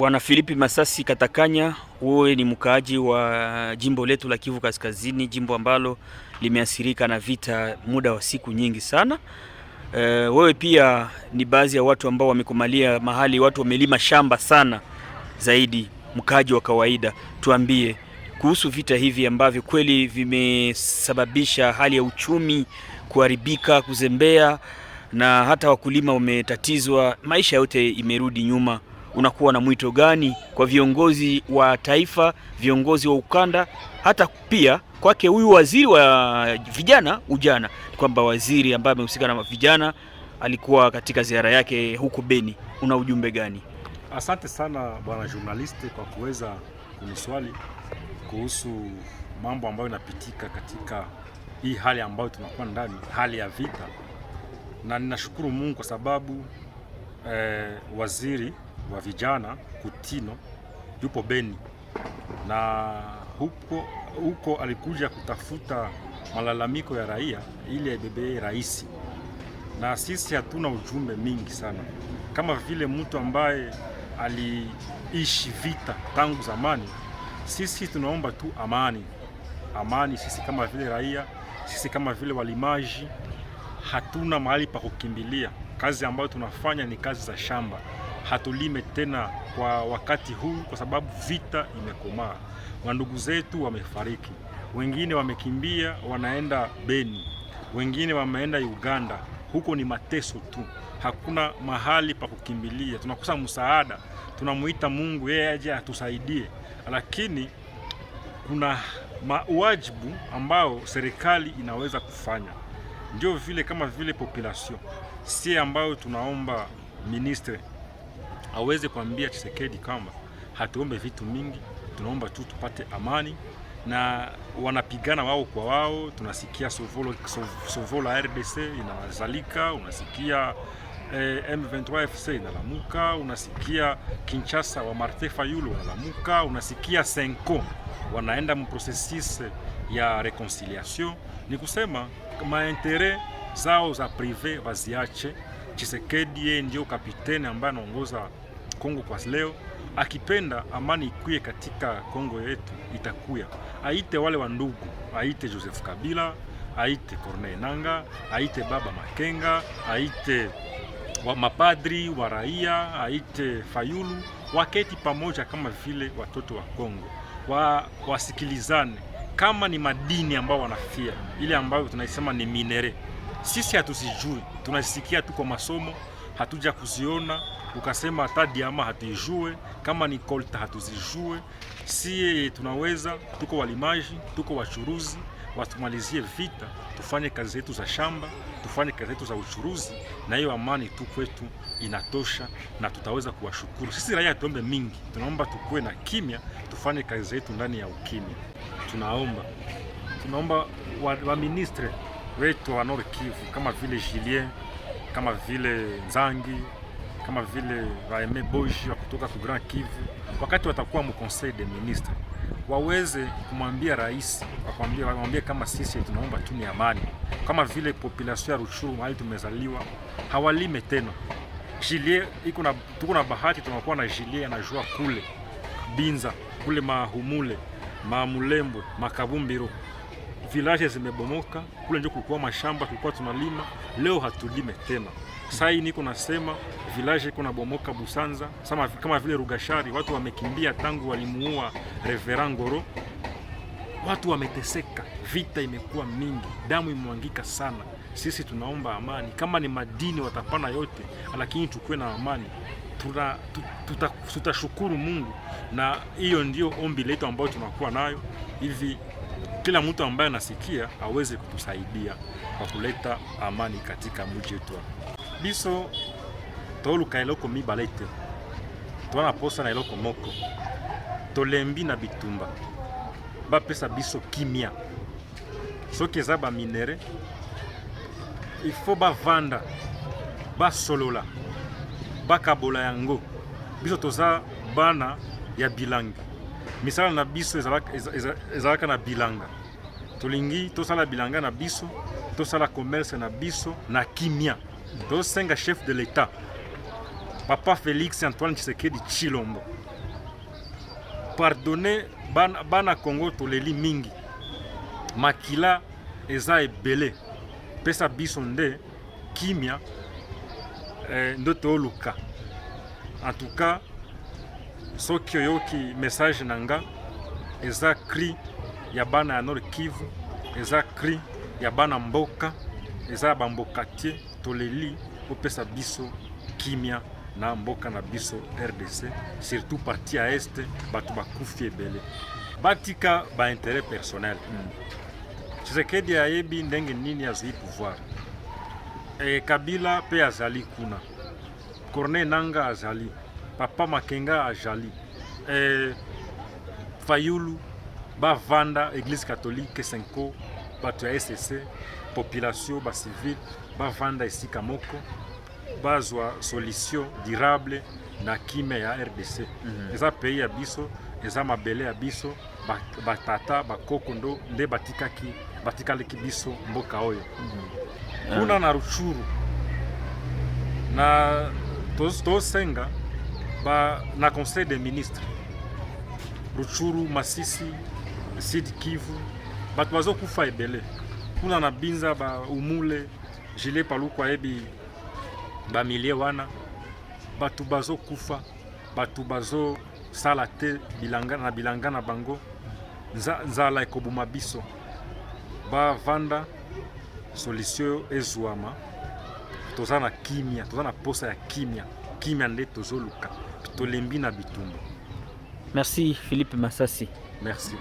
Bwana Filipi Masasi Katakanya, wewe ni mkaaji wa jimbo letu la Kivu Kaskazini, jimbo ambalo limeathirika na vita muda wa siku nyingi sana. E, wewe pia ni baadhi ya watu ambao wamekumalia mahali watu wamelima shamba sana zaidi. Mkaaji wa kawaida, tuambie kuhusu vita hivi ambavyo kweli vimesababisha hali ya uchumi kuharibika, kuzembea na hata wakulima wametatizwa, maisha yote imerudi nyuma unakuwa na mwito gani kwa viongozi wa taifa, viongozi wa ukanda, hata pia kwake huyu waziri wa vijana ujana, kwamba waziri ambaye amehusika na vijana alikuwa katika ziara yake huko Beni, una ujumbe gani? Asante sana bwana journalist kwa kuweza kuniswali kuhusu mambo ambayo inapitika katika hii hali ambayo tunakuwa ndani, hali ya vita, na ninashukuru Mungu kwa sababu eh, waziri wa vijana Kutino yupo Beni na huko, huko alikuja kutafuta malalamiko ya raia ili aibebee rais, na sisi hatuna ujumbe mingi sana kama vile mtu ambaye aliishi vita tangu zamani. Sisi tunaomba tu amani, amani. Sisi kama vile raia, sisi kama vile walimaji, hatuna mahali pa kukimbilia. Kazi ambayo tunafanya ni kazi za shamba hatulime tena kwa wakati huu, kwa sababu vita imekomaa. Wandugu zetu wamefariki, wengine wamekimbia wanaenda Beni, wengine wameenda Uganda. Huko ni mateso tu, hakuna mahali pa kukimbilia, tunakosa msaada. Tunamuita Mungu yeye aje atusaidie, lakini kuna mawajibu ambao serikali inaweza kufanya. Ndio vile kama vile population si ambayo tunaomba ministre aweze kuambia chisekedi kwamba hatuombe vitu mingi, tunaomba tu tupate amani na wanapigana wao kwa wao. Tunasikia sovolo, sovolo RDC inazalika, unasikia eh, M23 FC inalamuka, unasikia Kinshasa wa marte Fayulu wanalamuka, unasikia Senko wanaenda mprocesis ya reconciliation. Ni kusema maintere zao za prive waziache. chisekedi ndio kapiteni ambaye anaongoza Kongo kwa leo. Akipenda amani ikuye katika Kongo yetu, itakuya. Aite wale wa ndugu, aite Joseph Kabila, aite Corneille nanga aite Baba Makenga, aite wa mapadri wa raia, aite Fayulu, waketi pamoja kama vile watoto wa Kongo wa, wasikilizane kama ni madini ambao wanafia ile ambayo tunaisema ni minere. Sisi hatuzijui tunasikia tu kwa masomo hatuja kuziona, ukasema hata diama hatijue, kama ni kolta hatuzijue. Sie tunaweza tuko walimaji, tuko wachuruzi, watumalizie vita, tufanye kazi zetu za shamba, tufanye kazi zetu za uchuruzi, na hiyo amani tu kwetu inatosha, na tutaweza kuwashukuru. Sisi raia tuombe mingi, tunaomba tukuwe na kimya, tufanye kazi zetu ndani ya ukimya. Tunaomba tunaomba wa, wa ministre wetu wa Nord Kivu kama vile Julien kama vile Nzangi, kama vile Raime Boshi wa kutoka ku Grand Kivu, wakati watakuwa mu conseil des ministres, waweze kumwambia rais, wakwambie, wamwambie kama sisi tunaomba tu ni amani, kama vile population ya Ruchuru mahali tumezaliwa hawalime tena jilie iko na tuko na bahati, tunakuwa na jilie anajua kule Binza kule Mahumule Mamulembwe Makabumbiro vilaje zimebomoka kule, ndio kulikuwa mashamba tulikuwa tunalima, leo hatulime tena. Sasa hii niko nasema vilaje iko na bomoka Busanza sama, kama vile Rugashari watu wamekimbia tangu walimuua Reverend Ngoro, watu wameteseka, vita imekuwa mingi, damu imwangika sana. Sisi tunaomba amani, kama ni madini watapana yote, lakini tukuwe na amani. Tuna, tutashukuru Mungu na hiyo ndio ombi letu ambayo tunakuwa nayo hivi kila mtu ambaye anasikia aweze kutusaidia kwa kuleta amani katika mji wetu biso toluka eloko mibale te twana posa na eloko moko tolembi na bitumba bapesa biso kimia soki eza baminere ifo bavanda basolola bakabola yango biso toza bana ya bilangi misala na biso ezalaka na bilanga tolingi tosala bilanga na biso tosala commerce na biso na kimia tosenga chef de l'état papa félix antoine tshisekedi tshilombo pardonne bana, bana congo toleli mingi makila eza ebele pesa biso nde kimia eh, nde tooluka en tout cas soki oyoki message na nga eza cri ya bana ya Nord Kivu, eza cri ya bana mboka, eza ya bamboka tie toleli opesa biso kimia na mboka na biso RDC, surtout parti ya este, bato bakufi ebele batika ba interet personnel mm. ayebi ndenge nini azwi pouvoir e, Kabila pe azali kuna Corneille nanga azali papa makenga ajali eh, fayulu bavanda église catholique senko bato ya sc population bacivile bavanda esika moko bazwa solution durable na kime ya rdc mm -hmm. eza pays ya biso eza mabele ya biso batata bakoko ndo nde batikaki batikalaki biso mboka oyo mm -hmm. na ruchuru na tozosenga to ba, na conseil des ministres ruchuru masisi sud kivu bato bazokufa ebele kuna na binza baumule jile paluku ayebi bamilie wana bato bazokufa bato bazosala te bilanga, na bilanga na bango nza, nzala ekoboma biso bavanda solution ezwama toza na kimia toza na posa ya kimia kimia nde tozoluka tolembi na Merci Philippe Massassi. Merci.